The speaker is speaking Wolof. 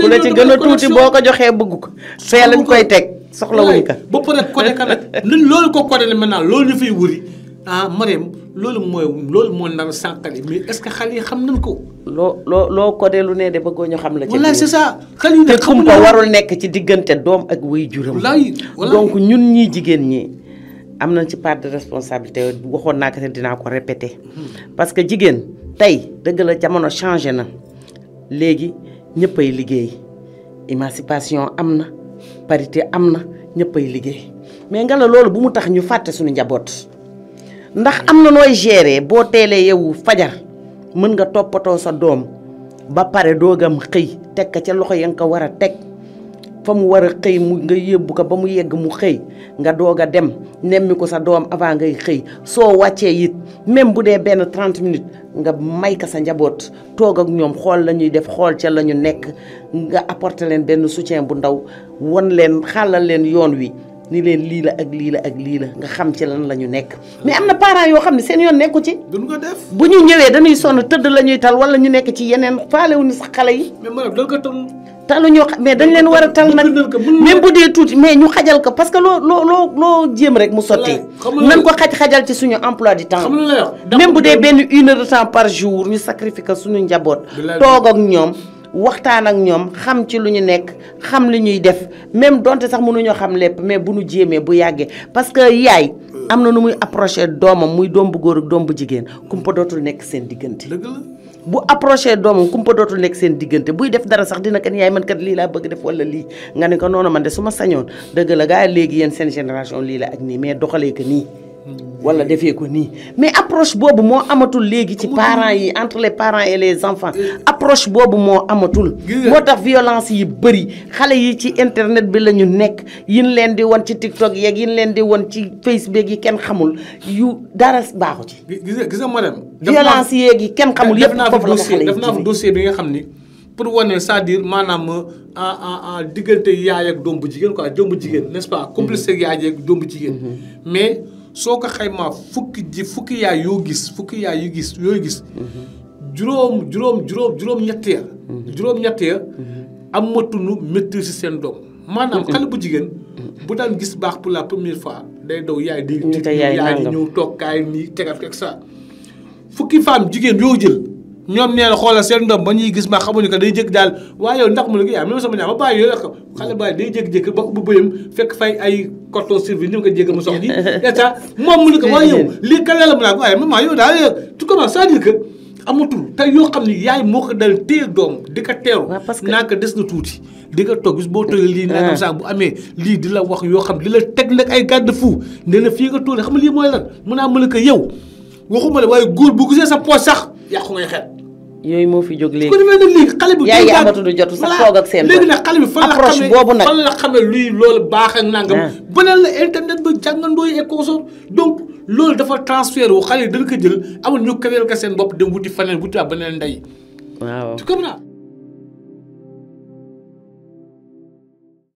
ku la ci gën a tuuti boo ko joxee bëgg ko fee lañ koy teg soxla wuñ ko ba pare codé ka loolu ko codé ne maintenant loolu ñu fiy wuri ah Mariam loolu mooy loolu moo nar a sànqale est-ce que xale yi xam nañ ko. loo loo loo codé lu ne de bëggoo ñu xam la. ci biir c'est ça xale yi warul nekk ci diggante doom ak waajuram. wallaahi donc ñun ñii jigéen ñi am nañ ci part de responsabilité waxoon naa ko te dinaa ko répété. Hmm. parce que jigéen tey dëgg la jamono changé na léegi. ñëppay liggéey émancipation am na parité am na ñëppay liggéey mais nga la loolu bu mu tax ñu fàtte suñu njaboot ndax am na nooy gérer boo teelee yow fajar mën nga toppatoo sa doom ba pare doogam xëy teg ko ca loxo ya nga ko war a teg. fa mu war a xëy mu nga yóbbu ko ba mu yegg mu xëy nga doog a dem nemmi ko sa doom avant ngay xëy soo wàccee it même bu dee benn 30 minutes nga may ko sa njaboot toog ak ñoom xool la ñuy def xool ca la ñu nekk nga apporter leen benn soutien bu ndaw won leen xàllal leen yoon wi ni leen lii la ak lii la ak lii la nga xam ci lan la ñu nekk mais am na parents yoo xam ne seen yoon nekku ci. duñ ko def bu ñu ñëwee dañuy sonn tëdd la ñuy tal wala ñu nekk ci yeneen faale ñu sa xale yi. taluñu mais dañ leen war a tal nag même bu dee tuuti mais ñu xajal ko parce que loo loo loo jéem rek mu sotti nan ko xaj-xajal ci suñu emploi du temps même bu dee benn une heure par jour ñu sacrifier suñu njaboot toog ak ñoom waxtaan ak ñoom xam ci lu ñu nekk xam li ñuy def même donte sax mënuñoo xam lépp mais bu ñu jéemee bu yàggee parce que yaay am na nu muy approché doomam muy doom bu góor ak doom bu jigéen kumpa dootul nekk seen diggante bu approché doomam kumpa dootul nekk seen diggante buy def dara sax dina kan yaay man kat lii laa bëgg def wala lii nga ne ko noonu man de su ma sañoon dëgg la gaa léegi yéen seen génération lii la ak nii mais doxalee ko nii. wala defee ko nii mais approche bobu moi amatul léegi ci parents yi entre les parents et les enfants approche bobu moi amatul motax violence yi beuri xalé yi ci internet bi lañu nek nekk yin leen di won ci tiktok yeeg yin len di won ci facebook yi ken xamul yu dara baxu ci gis madame violence yeeg ken kenn xamul yef na la ko def dossier bi nga xamni pour wane c'est-à-dire manam euh, en en en digeunte yaay ak dombu jigen quoi dombu jigen n'est-ce pas complice mm-hmm. ak yaay ak dombu jigen mm-hmm. mais soo ko xaymaa fukki ji fukki yaay yoo gis fukki yaay yi gis yooyu gis. juróom juróom juróom juróom ñett ya juróom ñett ya amatunu maîtrise si seen doom. maanaam xale bu jigéen. bu daan gis baax pour la première fois day daw yaay day. ñu yaay ñëw toog kaay nii tegal ak ça. fukki femme jigéen yoo jël. ñoom nee na xoolal seen doom ba ñuy gis ma xamuñu ko day jëkk daal waaye yow ndax mu ne ko yaa même sama ko xale bàyyi day jékki moom mu ne ko waaye yow lii kan la amatul te yoo xam ne yaay moo ko dal téye doom di ko teeru naa ko des na tuuti di nga toog bis boo toogee lii nangam ah. sax bu amee lii di la wax yoo xam di la teg nag ay garde fou nee na fii nga toogee xam lii mooy lan mu naa ah, mën a ko yow waxuma la waaye góor bu gisee sa poche sax yàqu ngay xel. yooyu moo fi jóg léegi su ko defee nag léegi xale bi. yaa ngi jot sax toog ak seen léegi nag xale bi fan la xamee boobu nag fan la xamee luy loolu baax ak nangam. Ah. beneen la internet ba jàngandoo yi et consort donc loolu dafa transfert wu xale yi dañ jël amul ñu kaweel ka seen bopp dem wuti faneen wuti waa beneen ndey. waaw tu comprends.